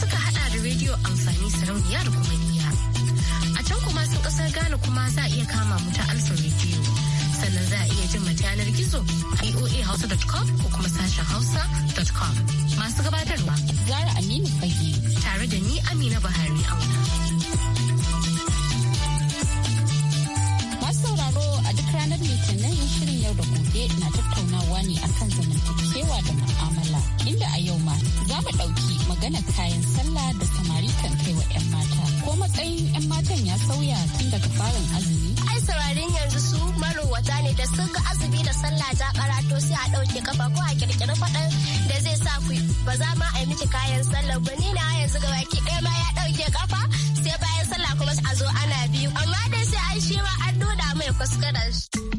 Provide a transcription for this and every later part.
suka hada da rediyo amfani sarauniya da kuma niya. A can kuma sun kasar Ghana kuma za a iya kama mu ta alfa rediyo. Sannan za a iya jin mata yanar gizo a voahausa.com ko kuma sashen hausa.com. Masu gabatarwa Zara Aminu Fage tare da ni Amina Buhari auna. Masu sauraro a duk ranar Litinin shirin yau da gobe na tattaunawa ne akan zamantakewa da ma'amala inda a yau ma za mu ɗauki magana kayan sallah da samari kan kai wa 'yan mata ko matsayin 'yan matan ya sauya tun daga farin azumi. Ai saurarin yanzu su marowata ne da sun ga azumi da sallah ta karato sai a ɗauke kafa ko a kirkiri faɗan da zai sa ku ba za ma a yi miki kayan sallah ba ni na yanzu ga baki ɗaya ma ya ɗauke kafa sai bayan sallah kuma a zo ana biyu amma dai sai an shi ma an nuna mai kuskuren shi.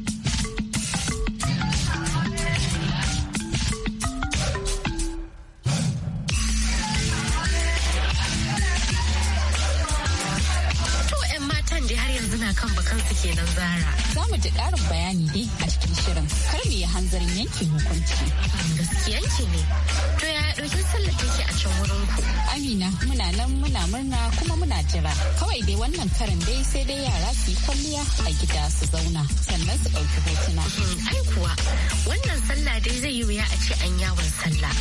kansu kenan zara. Za mu ji ƙarin bayani dai a cikin shirin kar mu yi hanzarin yanke hukunci. Gaskiyanki ne. To ya ɗauki sallar take a can wurin ku. Amina muna nan muna murna kuma muna jira. Kawai dai wannan karin dai sai dai yara su yi kwalliya a gida su zauna sannan su ɗauki hotuna. Hmm, ai kuwa wannan sallah dai zai yi wuya a ce an yawon sallah.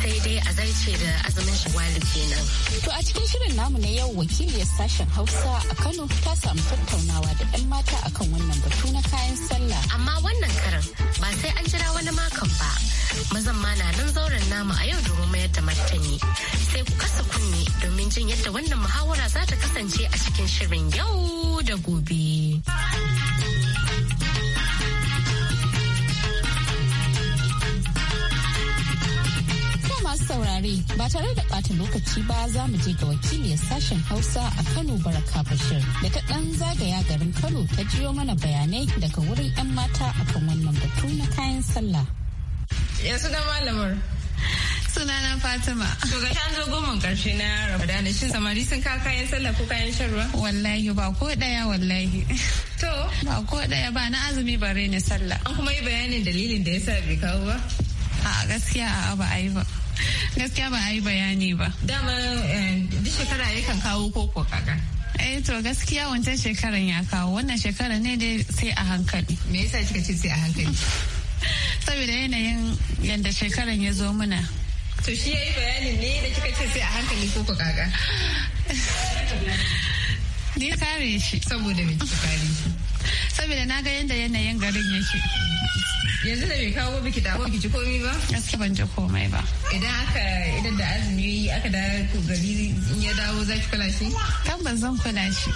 Sai dai a zarce da azumin shawali kenan. To a cikin shirin namu na yau wakiliyar sashen Hausa a Kano ta samu tattaunawa da 'yan mata akan wannan batu na kayan sallah. Amma wannan karin ba sai an jira wani makon ba. mazan na nan zauren nama a yau domin mayar da martani sai ku kasa kunne domin jin yadda wannan muhawara za ta kasance a cikin shirin yau da gobe. saurare ba tare da ɓata lokaci ba za mu je ga wakiliyar sashen hausa a kano baraka bashir da ta ɗan zagaya garin kano ta jiyo mana bayanai daga wurin 'yan mata akan wannan batu na kayan sallah ya suna malamar sunana Fatima. To ga an zo goman karshe na Ramadan shin samari sun ka kayan sallah ko kayan shan ruwa? Wallahi ba ko daya wallahi. To ba ko daya ba na azumi bare ne sallah. An kuma yi bayanin dalilin da yasa bai kawo ba? A gaskiya a ba a yi ba. Gaskiya ba a yi bayani ba. Dama eh, duk shekara yakan kawo ko ko kaka. Eh to gaskiya wancan shekaran ya kawo wannan shekaran ne dai sai a hankali. Me yasa kika ce sai a hankali? saboda yanayin yadda shekaran ya zo muna to shi ya yi bayani ne da kika ce sai a hankali ko kaka ni kare shi saboda me kika kare shi saboda na ga yadda yanayin garin yake yanzu da bai kawo biki da biki ji komai ba gaskiya ban ji komai ba idan aka idan da azumi aka da gari ya dawo za ki kula shi tabbas zan kula shi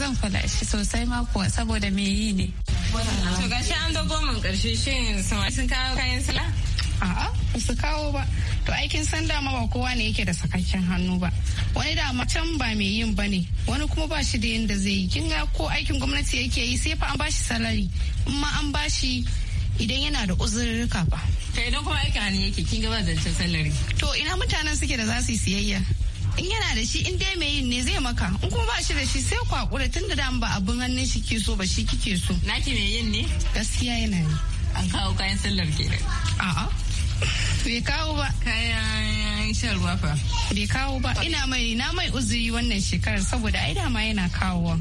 zan kula shi sosai mako saboda me yi ne To an zo goman karshe sun kawo kayan sala? A'a, ba su kawo ba. To aikin san ma ba kowa ne yake da sakakken hannu ba. Wani dama can ba mai yin ba ne, wani kuma ba shi da yadda zai yi. Kin ga ko aikin gwamnati yake yi sai fa an bashi salari, in ma an bashi idan yana da uzurrika ba. ta idan kuma aikin hannu yake kin ga ba zancen salari. To ina mutanen suke da za su yi siyayya? in yana da shi in dai mai yin ne zai maka in kuma ba shi da shi sai kwakura tun da dama ba abin hannun shi ke so ba shi kike so naki mai yin ne gaskiya yana ne an kawo kayan sallar ke da a'a bai kawo ba kayan shan ruwa fa bai kawo ba ina mai na mai uzuri wannan shekarar saboda ai dama yana kawowa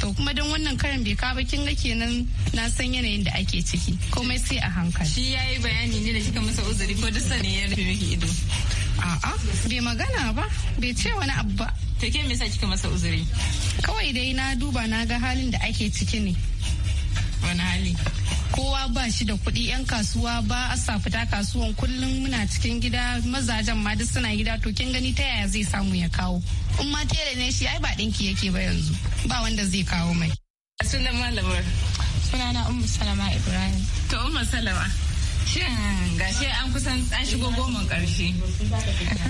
to kuma don wannan karin bai kawo kin ga kenan na san yanayin da ake ciki komai sai a hankali shi yayi bayani ne da kika masa uzuri ko dusa ne ya rufe miki ido A'a, bai magana ba, bai ce wani abu ba. To ke me yasa kika masa uzuri? Kawai dai na duba na ga halin da ake ciki ne. Wani hali? kowa ba shi da kuɗi 'yan kasuwa ba a sa fita kasuwan kullum muna cikin gida mazajen ma duk suna gida to kin gani ta yaya zai samu ya kawo in ma tere ne shi ai ba ɗinki yake ba yanzu ba wanda zai kawo mai sunan malamar sunana ummu salama ibrahim to ummu salama Shin gashi an kusan an shigo goma karshe.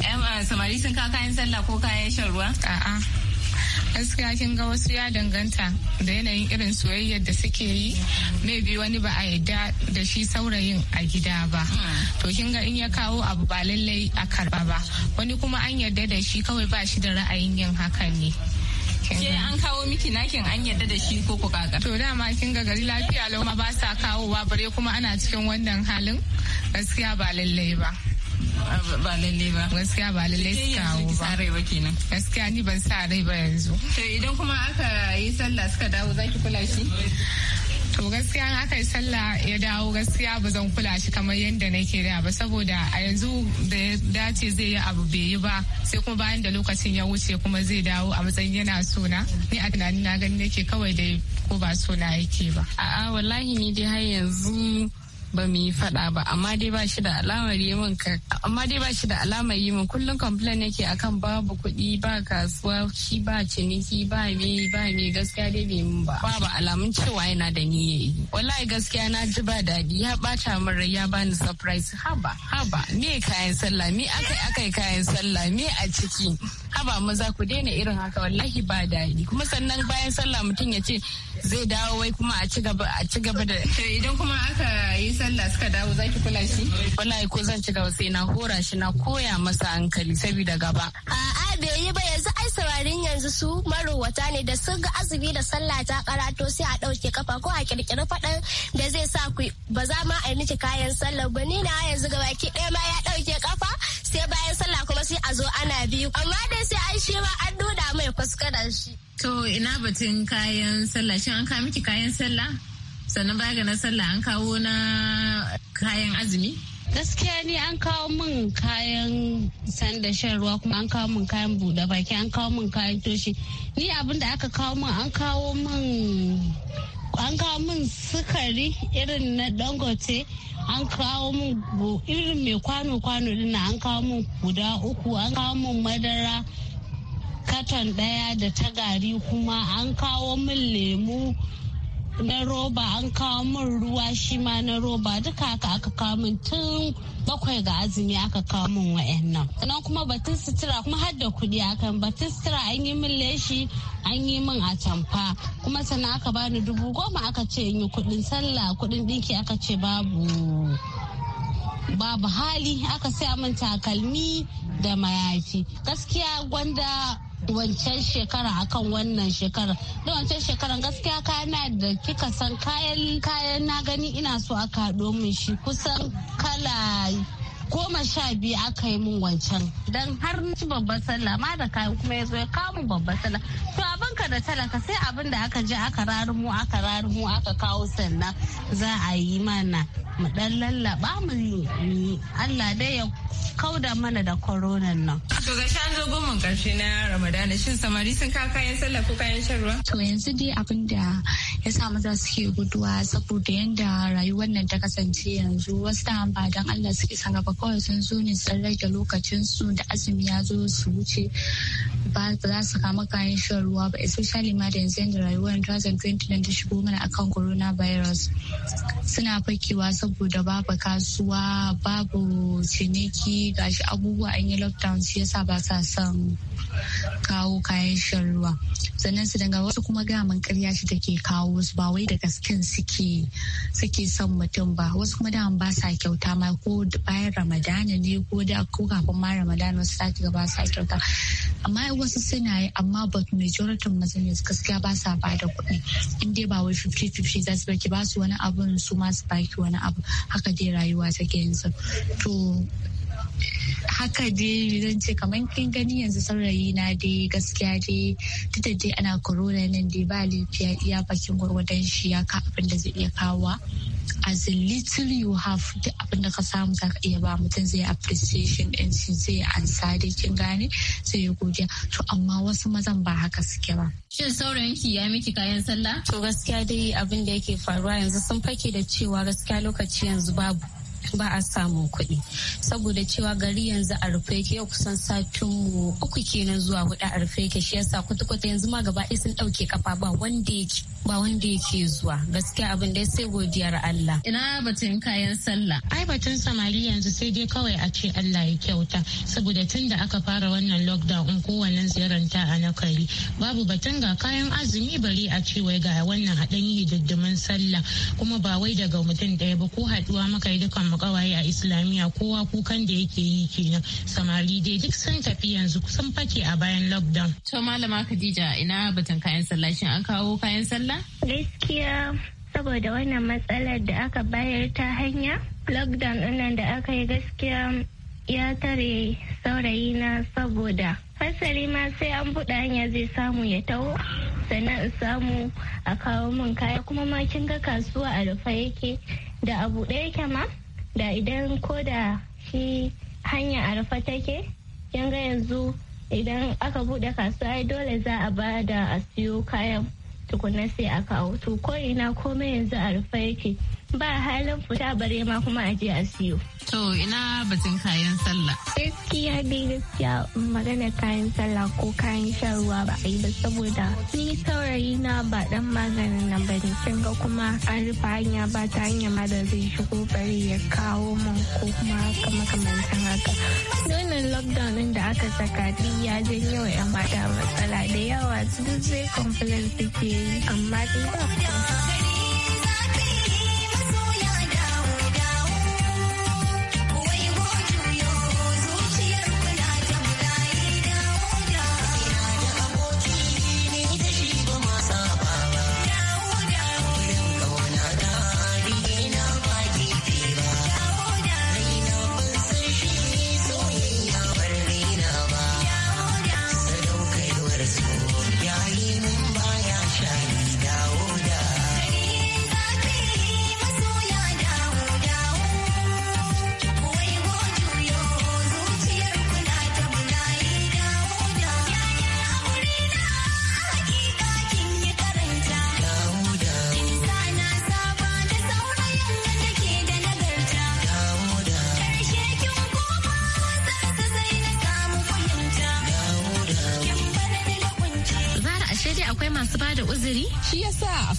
Ah, samari sun kawo kayan sallah ko kayan shan ruwa? A'a. gaskiya kin ga wasu ya danganta da yanayin irin soyayyar da suke yi maybe wani ba a yadda da shi saurayin a gida ba hmm. to kin ga in ya kawo abu ba lallai a karba ba wani kuma an yarda da shi kawai ba shi da ra'ayin yin hakan ne ke an kawo miki nakin an yadda da shi ko kuka. To dama kin ga gari lafiya lau ma ba sa kawowa bare kuma ana cikin wannan halin gaskiya ba lallai ba. ba lalle ba gaskiya ba lalle su kawo ba rai ba kenan gaskiya ni ban sa rai ba yanzu to idan kuma aka yi sallah suka dawo zaki kula shi to gaskiya in aka yi sallah ya dawo gaskiya ba zan kula shi kamar yadda nake da ba saboda a yanzu da ya dace zai yi abu bai yi ba sai kuma bayan da lokacin ya wuce kuma zai dawo a matsayin yana sona ni a tunanin na gani nake kawai dai ko ba sona yake ba a'a wallahi ni dai har yanzu ba mu yi faɗa ba amma dai ba shi da alamar yi min amma dai ba shi da alamar yi min kullum complain yake akan babu kuɗi ba kasuwa shi ba ciniki ba me ba me gaskiya dai bai mun ba Ba ba alamun cewa yana da niyya yi wallahi gaskiya na ji ba daɗi ya ɓata min rai ya bani surprise haba haba me kayan sallah me akai akai kayan sallah me a ciki haba maza ku daina irin haka wallahi ba daɗi kuma sannan bayan sallah mutum ya ce zai dawo wai kuma a ci gaba a ci gaba da idan kuma aka yi sallah suka dawo zaki kula shi wallahi ko zan ci gaba sai na hora shi na koya masa hankali saboda gaba a'a bai yi ba yanzu ai samarin yanzu su marowata ne da sun ga azumi da sallah ta karato sai a ɗauke kafa ko a kirkiri faɗan da zai sa ku ba za ma a yi miki kayan sallah ba ni na yanzu gaba ki ɗaya ma ya ɗauke kafa sai bayan sallah kuma sai a zo ana biyu amma dai sai an shi ma an nuna mai kuskuren shi to ina batun kayan sallah shin an kawo miki kayan sallah sannan baya ga na sallah an kawo na kayan azumi gaskiya ne an kawo min kayan sanda shan ruwa kuma an kawo min kayan buɗe baki an kawo min kayan toshi ni abin da aka kawo min an kawo min an kawo min sukari irin na dangote an kawo min irin mai kwano-kwano din an kawo min guda uku an kawo min madara katon daya da ta gari kuma an kawo min lemu na roba an kawo min ruwa shi ma na roba duka haka aka kawo min tun bakwai ga azumi aka kawo min nan sannan kuma batun sutura kuma har da kuɗi akan batun sutura an yi min leshi an yi min atamfa kuma sannan aka bani dubu goma aka ce in yi kuɗin sallah kuɗin ɗinki aka ce babu babu hali aka sai min takalmi da mayafi gaskiya gwanda wancan shekara akan wannan shekara da wancan shekara gaskiya kayana da kika san kayan kayan na gani ina so aka haɗo min shi kusan kala goma sha biyu aka yi min wancan don har ci babban sallah ma da kayan kuma ya zo ya kamun babban sallah to abin ka da talaka sai abin da aka je aka rarumu aka rarumu aka kawo sannan za a yi mana mu dan lallaba mu yi Allah dai ya kauda mana da korona nan. To ga shan zo goma karshe na Ramadana shin samari sun ka kayan sallah ko kayan shan ruwa? To yanzu dai abin da ya sa maza suke guduwa saboda yanda rayuwar nan ta kasance yanzu wasu da ba dan Allah suke san kawai sun zo ne sun rage lokacin su da azumi ya zo su wuce ba za su kama kayan shan ruwa ba especially ma da yanzu yanda rayuwar 2020 ta shigo mana akan coronavirus suna fakewa saboda saboda babu kasuwa babu ciniki gashi abubuwa an yi lockdown shi yasa ba sa son kawo kayan shan ruwa sannan su daga wasu kuma mun karya shi take kawo su ba wai da gaskin suke suke son mutum ba wasu kuma da ba sa kyauta ma ko bayan ramadana ne ko da ko kafin ma ramadana wasu sake ba sa kyauta amma wasu suna yi amma but majority mazan gaskiya ba sa ba da kuɗi in dai ba wai 50-50 za su baki ba su wani abun su ma su baki wani abu haka dai rayuwa take yanzu to haka dai zan ce kamar kin gani yanzu saurayi na dai gaskiya dai duk da dai ana corona nan dai ba lafiya iya bakin gwargwadon shi ya ka abin da zai iya kawowa as a little you have da abin da ka samu za ka iya ba mutum zai appreciation din shi zai ansa dai kin gane sai ya godiya to amma wasu mazan ba haka suke ba shin saurayinki ya miki kayan sallah to gaskiya dai abin da yake faruwa yanzu sun fake da cewa gaskiya lokaci yanzu babu ba a samun kuɗi saboda cewa gari yanzu a rufe yake yau kusan satin mu uku kenan zuwa hudu a rufe yake shi yasa kwata-kwata yanzu ma gaba ɗaya sun ɗauke kafa ba wanda yake ba wanda yake zuwa gaskiya abin dai sai godiyar Allah. Ina batun kayan sallah. Ai batun samari yanzu sai dai kawai a ce Allah ya kyauta saboda tun da aka fara wannan lockdown in kowannen ziyaranta a nakari babu batun ga kayan azumi bari a ce wai ga wannan haɗin hididdimin sallah kuma ba wai daga mutum ɗaya ba ko haɗuwa maka dukan kawaye a islamiyya kowa kukan da yake yi kenan samari dai duk sun tafi yanzu kusan fake a bayan lockdown. to malama khadija ina batun kayan sallah shin an kawo kayan sallah. gaskiya saboda wannan matsalar da aka bayar ta hanya lockdown ɗinnan da aka yi gaskiya ya tare saurayi na saboda fasali ma sai an buɗe hanya zai samu ya taho sannan in samu a kawo min kaya kuma ma kin ga kasuwa a rufe yake da abu ɗaya yake ma da idan ko da shi hanya a rufe take ga yanzu idan aka bude kasuwa dole za a ba da a siyo kayan tukunna sai a kawo to ko ina komai yanzu a rufe yake ba halin fita bare ma kuma a je a siyo. To ina batun kayan sallah. Gaskiya bai gaskiya magana kayan sallah ko kayan shan ruwa ba a yi ba saboda ni saurayi na ba dan maganin nan ba ne kin ga kuma an rufe hanya ba ta hanya ma da zai shigo bari ya kawo mun ko kuma haka makamantan haka. Wannan lockdown din da aka saka ni ya janyo wa 'yan mata matsala da yawa duk zai complain suke yi amma dai ba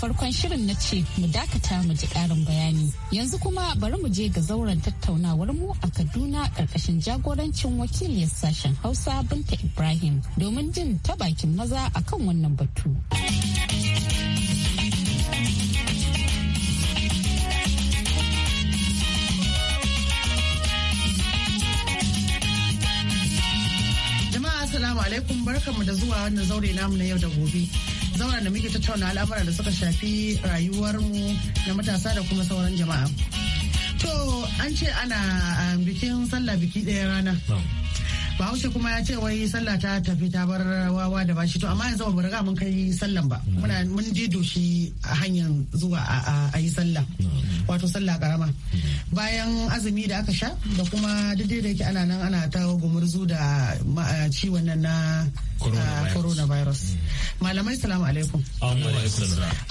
farkon shirin na ce mu dakata mu ji karin bayani. Yanzu kuma bari mu je ga zauren tattaunawar mu a Kaduna ƙarƙashin jagorancin wakiliyar sashen Hausa Binta Ibrahim domin jin ta bakin maza akan wannan batu. Assalamu alaikum barkamu da zuwa wannan zaure namu na yau da gobe. zauren da muke tattauna al'amuran da suka shafi rayuwarmu na matasa da kuma sauran jama'a. To an ce ana ah, bikin sallah biki ɗaya rana. bahaushe kuma ya ce wai sallah ta tafi ta bar wawa da bashi to amma yanzu ba riga mun kai sallan ba muna mun je doshi a hanyar zuwa a yi sallah wato sallah karama bayan azumi da aka sha da kuma duk da yake ana nan ana ta gumurzu da ciwon nan na coronavirus malamai salamu alaikum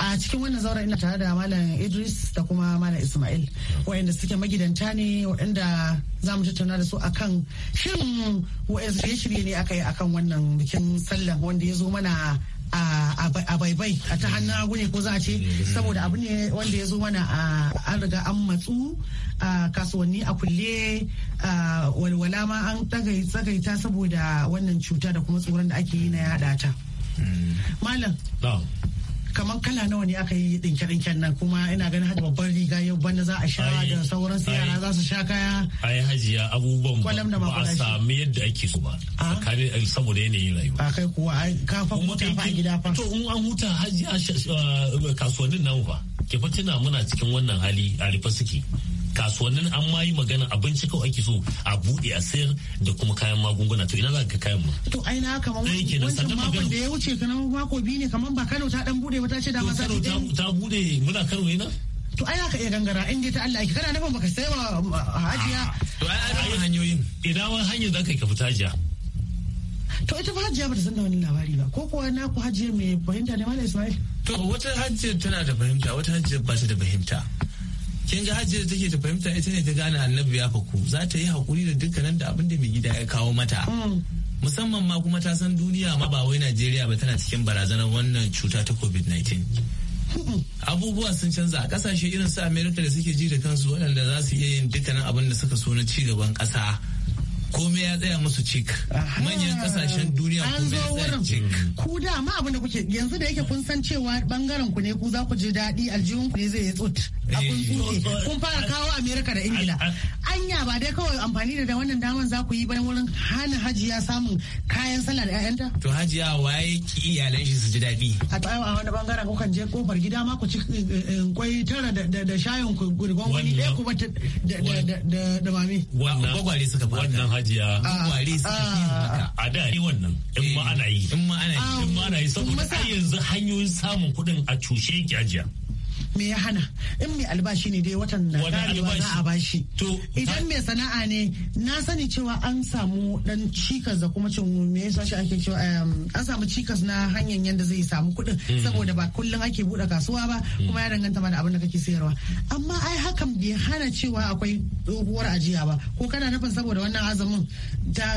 a cikin wannan zauren ina tare da malam idris da kuma malam ismail waɗanda suke magidanta ne waɗanda za mu tattauna da su akan shin wa'yan shirye-shirye ne aka yi akan wannan bikin sallah wanda ya zo mana a baibai a ta hannun hagu ne ko za a ce saboda abu ne wanda ya zo mana a an riga an matsu a kasuwanni a kulle walwala ma an tsagaita saboda wannan cuta da kuma tsoron da ake yi na yada ta hmm. malam kamar kala nawa ne aka yi dinke dinken nan kuma ina ganin hada babban riga yau banda za a sha da sauran su yara za su sha kaya ai hajiya abubuwan ba a sami yadda ake so ba ah. tsakanin eh, saboda yanayin rayuwa akai kuwa ai ka fa huta fa gida fa to in an huta a uh, kasuwannin nan fa ke fa tuna muna cikin wannan hali a rufe suke kasuwannin an ma yi magana abinci kawai ake so a buɗe a sayar da kuma kayan magunguna to ina za ka kayan mu. to ai na haka ma wancan makon da ya wuce kana mako biyu ne kamar ba Kano ta dan bude ba ta ce da ma ta ta bude muna Kano ne na. to ai haka iya gangara in dai ta Allah ake kana nufin baka sai wa um, hajiya. to ai ai hanyoyin. idan wani hanyar za ka yi ka fita hajiya. to ita ba hajiya ba ta san da wani labari ba ko kuwa na ku hajiya mai fahimta ne malam Ismail. to wata hajiya tana da fahimta wata hajiya ba ta da fahimta. kin ga hajjiyar take ta fahimta ita ne ta gane annabi ya faku za ta yi hakuri da dukkanin da abin da mai gida ya kawo mata mm. musamman ma kuma ta san duniya ma ba wai Najeriya ba tana cikin barazanar wannan cuta ta COVID-19 abubuwa sun canza a kasashe irin su America da suke ji da kansu waɗanda za su iya yin dukkanin abin da suka so na ci gaban ƙasa komai ya tsaya musu cik manyan kasashen duniya kuma ya tsaya cik ku da ma abin da kuke yanzu da yake kun san cewa bangaren ku ne ku za ku ji daɗi aljihun ku ne zai yi tsut eh. kun fara kawo amerika da ingila anya ba dai kawai amfani da wannan daman za ku yi ba wurin hana hajiya samun kayan sallah da ƴaƴanta to hajiya waye ki iyalan shi su ji daɗi a a wani bangaren kan je kofar gida ma ku ci eh, eh, kwai tara da shayin ku gurgon wani ɗaya ku ba da mami wannan gwagware suka fara hajiya ah, ah. a da ne wannan in ma eh, ana yi in ma ana yi in ma ana yi saboda yanzu hanyoyin samun kuɗin a cushe yake hajiya me ya hana in mai albashi ne dai watan na karewa za a bashi idan mai sana'a ne na sani cewa an samu dan cikas da kuma cin me yasa shi ake cewa um, an samu cikas na hanyar yadda zai samu kuɗin hmm. saboda ba kullum ake buɗe kasuwa ba hmm. kuma ya danganta ma da abin da kake sayarwa amma ai hakan bai hana cewa akwai tsohuwar ajiya ba ko kana nufin saboda wannan azumin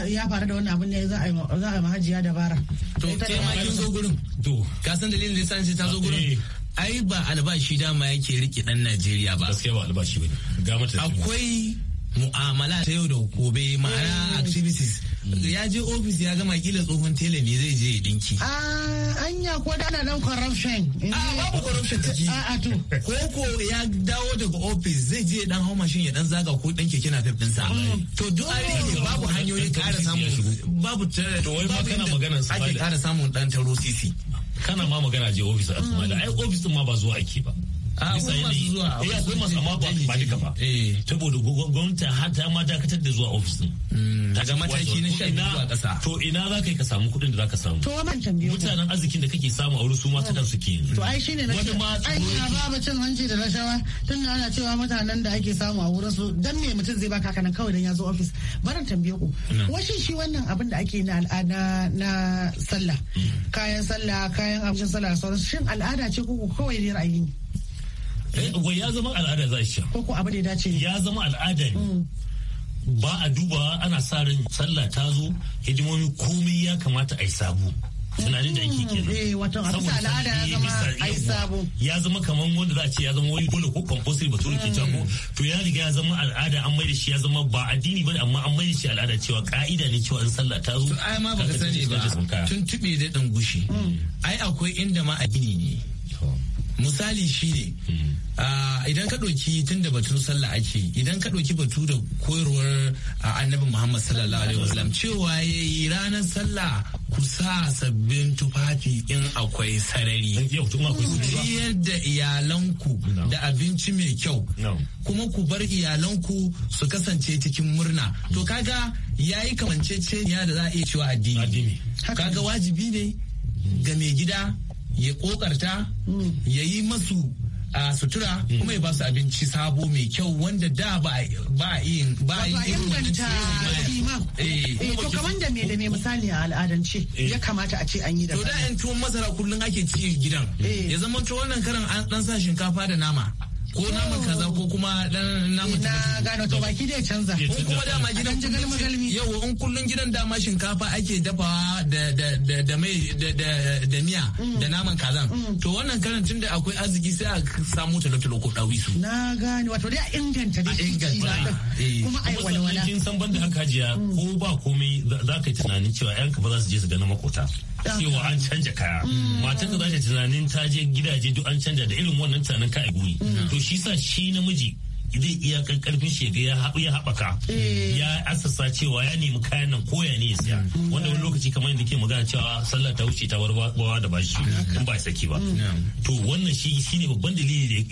ya faru da wannan abin ne za a yi mahajiya dabara to kai ma zo gurin to ka san dalilin da yasa ta zo gurin eh. ai ba albashi dama yake rike dan Najeriya ba. Gaskiya ba albashi ba. Ga mata akwai mu'amala ta yau da gobe ma'ana eh. activities mm. ya je ofis ya gama kila tsohon tele ne zai je ya dinki. Ah, anya ko da nan dan corruption. A ah, babu corruption ciki. A ah, to. Ko ko ya dawo daga ofis zai je dan hau mashin ya dan zaga ko dan keke na fifin sa. Mm. To duk mm. ne babu hanyoyi kara samun babu tare. To wai ma kana maganar sa. Ake kara samun dan taro sisi. kana ma magana je ofis a Somalia ai ofis ma ba zuwa ake ba Ah, bisa yanayi eh akwai masu amma ba ba duka ba eh. saboda gwamnati har ta ma dakatar da zuwa ofis din hmm. daga mataki na shan zuwa kasa to ina za ka yi ka samu kuɗin da za ka samu to wannan tambaye mutanen arzikin da kake samu a wurin su ma ta kansu ke yanzu to ai shine na ai ina babu cin hanci da rashawa tunda ana cewa mutanen da ake samu a wurin su dan me mutum zai baka kana kawai dan ya zo ofis barin tambaye ku washin shi wannan abin da ake na al'ada na sallah hmm. kayan sallah kayan abincin sallah sauransu shin al'ada ce ko kawai ne ra'ayi ne Eh, wai ya zama al'ada za shi ko ko abu da ya dace ya zama al'ada ne mm. ba a duba ana sa ran sallah ta zo hidimomi komai ya kamata a yi sabu. tunanin da ake mm. kenan eh, saboda al'ada ya zama a yi sabu. ya zama kamar wanda za a ce ya zama wani dole ko compulsory ba turu ke ko mm. to ya riga ya zama al'ada an mai da shi ya zama ba addini ba amma an mai da shi al'ada cewa ka'ida ne cewa in sallah ta zo ai ma ka sani ba tube da dan gushi ai akwai inda ma addini ne misali shi ne. Ah, idan ka ɗauki tun da batun sallah ake idan ka ɗauki batu da koyarwar ah, annabi muhammad sallallahu alaihi wasallam cewa ya yi ranar sallah ku sa sabbin tufafi in akwai sarari eh, ku ciyar da iyalanku da abinci mai kyau kuma ku bar iyalanku su kasance cikin murna to kaga yayi kamanceceniya da za a iya cewa addini kaga wajibi ne ga mai gida ya kokarta mm. ya yi masu a sutura kuma ya ba su abinci sabo mai kyau wanda da ba a yin ba a yin inganta kima to kaman da me da me misali a al'adance eh. ya kamata a ce an yi da to da yan tuwon masara kullun ake ci gidan eh. ya zama to wannan karan an dan sa shinkafa da nama ko naman kaza ko kuma dan naman na gano to baki dai canza ko kuma dama gidan jigal magalmi yau in kullun gidan dama shinkafa ake dafawa da da da mai da da miya mm. da naman kazan mm. to wannan karin tunda akwai arziki sai a samu talotalo ko dawi su na gane wato dai a inganta dai inganta eh. kuma ai walwala kin san banda haka jiya mm. ko ba komai za ka yi tunanin cewa yanka ba za su je su ga na makota cewa an canja kaya matan da za ta tunanin ta je gidaje duk an canja da irin wannan tunanin ka a guri to shi sa shi namiji zai iya karfin shiga ya haɓaka eh. ya asasa cewa ya nemi kayan nan ko ya ne ya siya mm. wanda wani lokaci kamar yadda ke magana cewa sallah ta wuce ta warwa da bashi in ba saki ba mm. to wannan shi shine babban dalili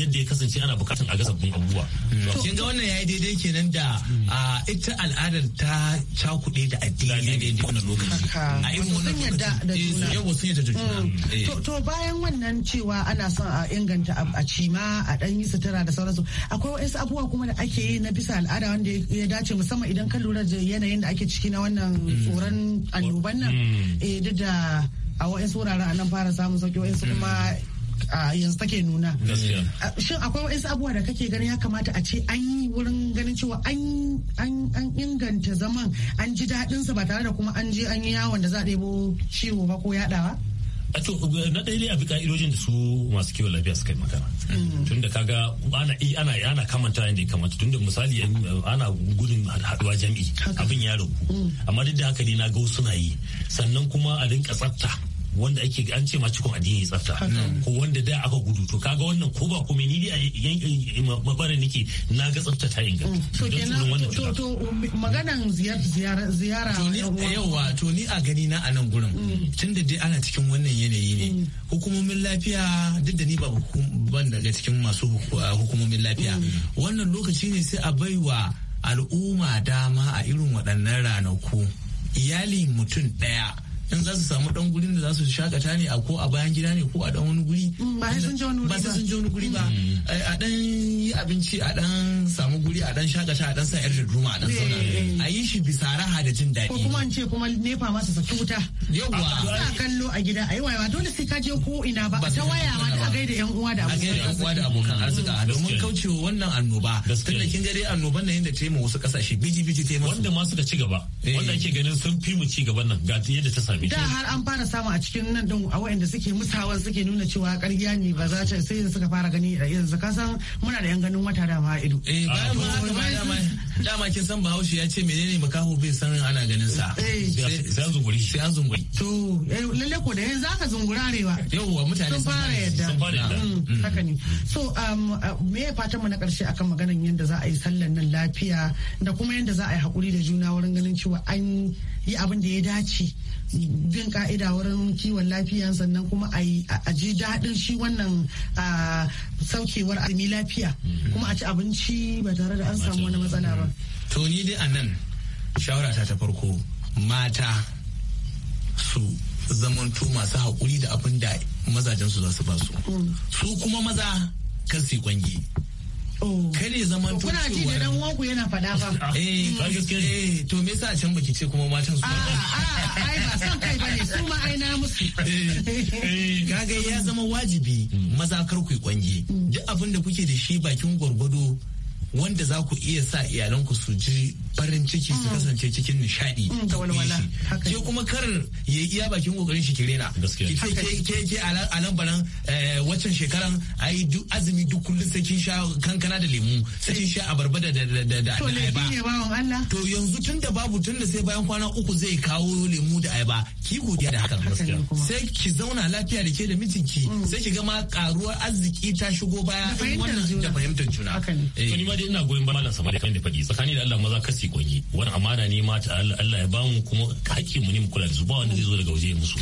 yadda ya kasance ana bukatan a ga sabbin abubuwa mm. kin ga wannan yayi daidai kenan da ita al'adar ta cakuɗe da addini a wannan lokaci a irin wannan lokaci eh, yau sun yadda da juna eh. to bayan wannan cewa ana son a inganta a cima a dan yi sutura da sauransu akwai wasu abubuwa kuma da ake yi na bisa al'ada wanda ya dace musamman idan ka lura da yanayin da ake ciki na wannan mm. tsoron annoban nan mm. eh, duk da a wa'insu wuraren a nan fara samun sauki wa'insu kuma mm. yanzu take nuna. Shin akwai waɗansu abubuwa da kake ganin ya kamata a ce an yi wurin ganin cewa an inganta zaman an ji daɗinsa ba tare da kuma an je an yi yawon da za a ɗebo ciwo ba ko yaɗawa? a to na ɗaya ne a bi ka'idojin da su masu kiwon lafiya suka yi magana mm. tun da kaga ana eh, ana ana kamanta yadda ya kamata tun da misali eh, ana gudun haɗuwa jami'i abin ya ragu mm. amma duk da haka ne na ga suna yi sannan kuma a rinka tsafta wanda ake an ce ma cikon addini tsafta ko wanda da aka gudu to kaga wannan ko ba kuma ni a mabarin nake na ga tsafta ta inganta mm. to to um, maganan ziyara ziyara yawa to ni a gani na a nan gurin mm. tunda dai ana cikin wannan yanayi ne mm. hukumomin lafiya duk da ni ba ban daga cikin masu uh, hukumomin lafiya wannan lokaci ne sai a baiwa al'umma dama a irin waɗannan ranaku iyali mutum ɗaya in za su samu dan gurin da za su shakata ne a ko a bayan gida ne ko a dan wani guri mm, ba sai sun je wani guri ba mm. a dan yi abinci a dan samu guri a dan shakata a dan sa yar ruma a dan zauna a yi shi bisa raha da jin daɗi ko kuma an ce kuma nefa masa saki wuta yawa sa kallo a gida ayi wayewa dole sai ka je ko ina ba ta waya ma da gaida yan uwa da abokan a yan uwa da abokan arzika domin kaucewa wannan annoba da kin gare annoban nan yadda ta yi ma wasu kasashe biji biji ta yi wanda ma suka ci gaba eh. wanda ake ganin sun fi mu ci gaban nan ga yadda ta same da har an fara samu a cikin nan din a waɗanda suke musawar suke nuna cewa ƙarya ne ba za ta sai suka fara gani a yanzu ka san muna da yan ganin wata da ma ido eh ma dama kin san Bahaushe ya ce menene makaho bai san ana ganin sa eh, sai an zunguri sai an zunguri to eh, lalle ko da yanzu aka zungurarewa yauwa mutane sun fara yadda sun fara yadda mm, mm. haka ne so um, uh, me ya fata mu na karshe akan maganar yadda za a yi sallan nan lafiya da kuma yadda za a yi hakuri da juna wurin ganin cewa an yi abin da ya dace bin ka'ida wurin kiwon lafiya sannan kuma a ji daɗin shi wannan saukewar azumi lafiya mm-hmm. kuma a ci abinci ba tare da an samu wani matsala ba. To ni dai a nan shawara ta ta farko mata su zamanto masu haƙuri da abin da mazajensu za su ba su. Mm. Su kuma maza kan su kwangi. Kare zaman to kuna ji da dan uwanku yana faɗa ba. Eh, eh to me yasa can baki ce kuma matan su. A'a, ah, ah, ai ba san kai bane su ma ai na musu. Eh, eh kage ya zama wajibi maza kar ku kwange. Duk abin da kuke da shi bakin gwargwado wanda za ku iya sa iyalanku su ji farin ciki su mm. kasance cikin nishadi ta mm, walwala ke kuma kar ya yi iya bakin kokarin shi ki rena ke ke a lambaran eh, waccan shekaran a yi azumi duk kullum sai kin sha kankana da lemu sai kin sha abarba da da da da ayaba to yanzu tun da babu tun da sai bayan kwana uku zai kawo lemu da ayaba ki godiya da hakan sai ki zauna lafiya da ke da mijinki mm. sai ki ga ma karuwar arziki ta shigo baya wannan da fahimtar juna. Haka Ni ma dai ina goyon ba malam sama da kan da faɗi tsakani da Allah maza kasi fi kwanye wani amana ne ma Allah ya bamu kuma haƙƙi mu ne mu kula da su ba wanda zai zo daga waje musu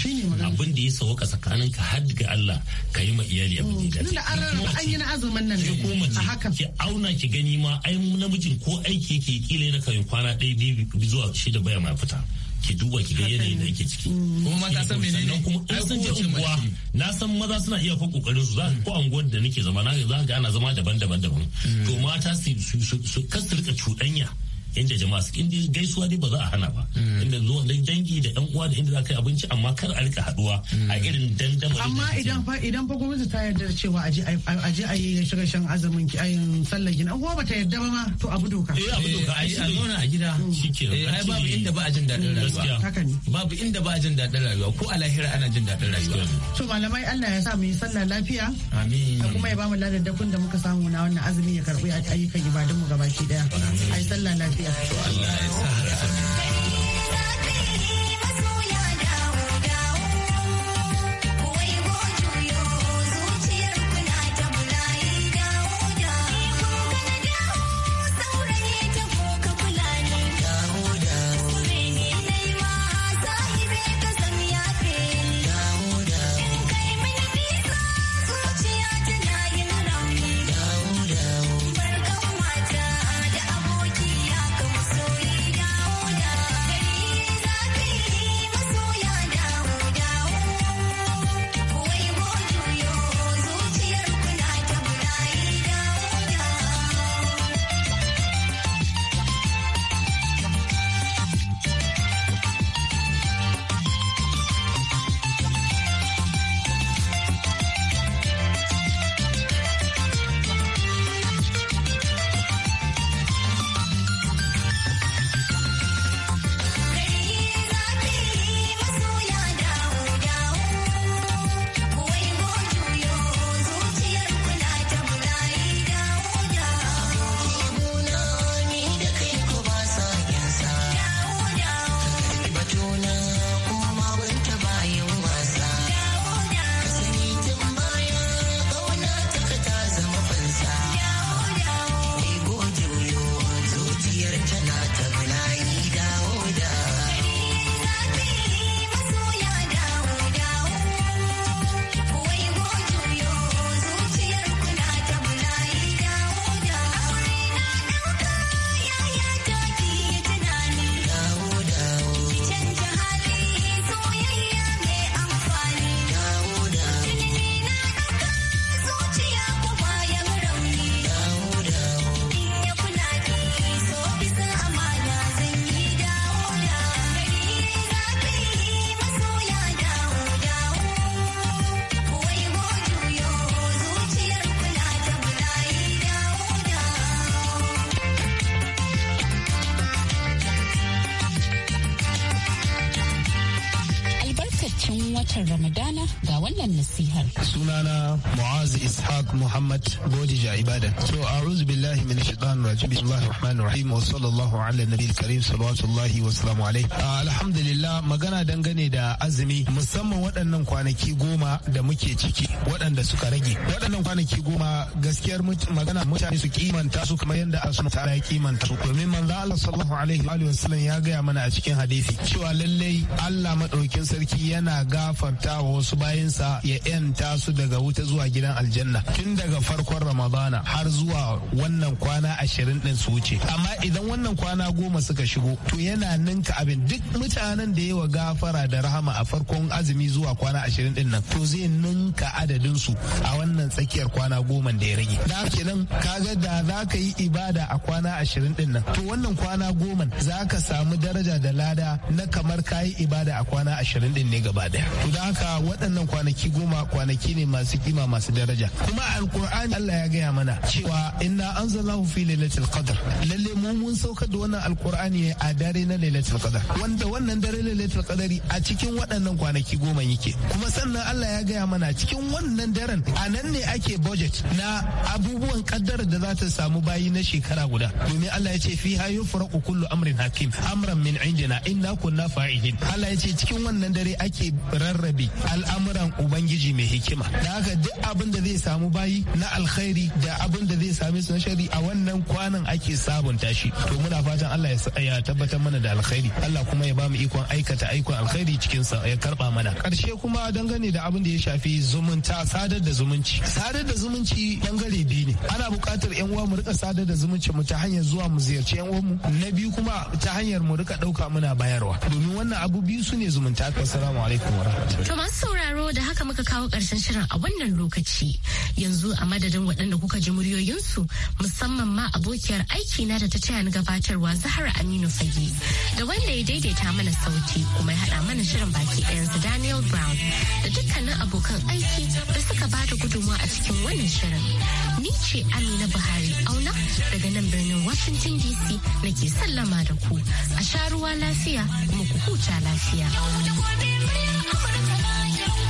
abin da ya sauka tsakanin ka har ga Allah ka yi ma iyali abin da ya an yi na azumin nan A haka ki auna ki gani ma ai namijin ko aiki yake kila yana kan kwana ɗaya biyu zuwa shida baya ma fita ki duba ki ga yanayin da yake ciki mm. kuma ma ka san menene kuma ai san je unguwa na san maza suna iya fa kokarin su za ko unguwar da nake zama na ga ana zama daban-daban daban mm. to mata su su kasu rika cuɗanya inda jama'a su inda gaisuwa dai ba za a hana ba mm. inda zuwa dan dangi da yan uwa da inda za ka yi abinci amma kar a rika haduwa mm. a irin dandamali amma idan fa idan fa gwamnati ta yarda da cewa aje aje a yi shiga shan azumin ki ayin sallar gina uwa ba ta yarda ba ma to abu doka eh abu doka ai eh, a zauna a gida shikenan eh ai babu inda ba a jin dadin rayuwa haka ne babu inda ba a jin dadin rayuwa ko a lahira ana jin dadin rayuwa to malamai Allah ya sa mu yi sallah lafiya amin kuma ya ba mu ladadakun da muka samu na wannan azumi ya karbi ayyukan ibadun mu ki daya ai sallah lafiya lafiya. To Allah ya sa watan Ramadana ga wannan nasihar. Sunana Mu'az Ishaq Muhammad Godija Ibadan. So a'udhu billahi min shaitan rajim bismillahir rahmanir rahim wa sallallahu ala nabiyil karim salawatullahi wa sallam alayhi. Ah, alhamdulillah magana dangane da azumi musamman waɗannan kwanaki goma da muke ciki waɗanda suka rage. Waɗannan kwanaki goma gaskiyar magana mutane su kimanta su kamar yadda Allah ta'ala ya kimanta su. Domin manzo Allah sallallahu alaihi wa sallam ya gaya mana a cikin hadisi cewa lallai Allah madaukin sarki yana gafa gafarta wa wasu sa ya yanta su daga wuta zuwa gidan aljanna tun daga farkon ramadana har zuwa wannan kwana ashirin din su wuce amma idan wannan kwana goma suka shigo to yana ninka abin duk mutanen da yawa gafara da rahama a farkon azumi zuwa kwana ashirin din nan to zai ninka adadin su a wannan tsakiyar kwana goma da ya rage da nan kaga da za ka yi ibada a kwana ashirin din nan to wannan kwana goma za ka samu daraja da lada na kamar ka yi ibada a kwana ashirin din ne gaba daya to don haka waɗannan kwanaki goma kwanaki ne masu kima masu daraja kuma alkur'ani Allah ya gaya mana cewa inna anzalahu fi lailatul qadr lalle mu mun saukar da wannan alkur'ani ne a dare na lailatul qadr wanda wannan dare lailatul qadari a cikin waɗannan kwanaki goma yake kuma sannan Allah ya gaya mana cikin wannan daren a nan ne ake budget na abubuwan kaddarar da za ta samu bayi na shekara guda domin Allah ya ce fi hayo faraku kullu amrin hakim amran min indina inna kunna fa'ilin Allah ya ce cikin wannan dare ake rar rabi al'amuran ubangiji mai hikima da haka duk abin da zai samu bayi na alkhairi da abin da zai same su na shari a wannan kwanan ake sabunta shi to muna fatan Allah ya tabbatar mana da alkhairi Allah kuma ya bamu ikon aikata aikon alkhairi cikin sa ya karba mana karshe kuma dangane da abin da ya shafi zumunta sadar da zumunci sadar da zumunci bangare biyu ne ana bukatar yan uwa mu rika sadar da zumunci mu ta hanyar zuwa mu ziyarci yan uwanmu na biyu kuma ta hanyar mu rika dauka muna bayarwa domin wannan abu biyu su ne zumunta assalamu alaikum wa To masu sauraro da haka muka kawo ƙarshen shirin a wannan lokaci yanzu a madadin waɗanda kuka ji muryoyinsu musamman ma abokiyar aiki na da ta taya ni gabatarwa Zahra Aminu Fage da wanda ya daidaita mana sauti kuma ya haɗa mana shirin baki ɗayansa Daniel Brown da dukkanin abokan aiki da suka ba da gudunmawa a cikin wannan shirin. Ni ce Amina Buhari auna daga nan birnin Washington DC nake sallama da ku a sha ruwa lafiya kuma ku huta lafiya. Tonight.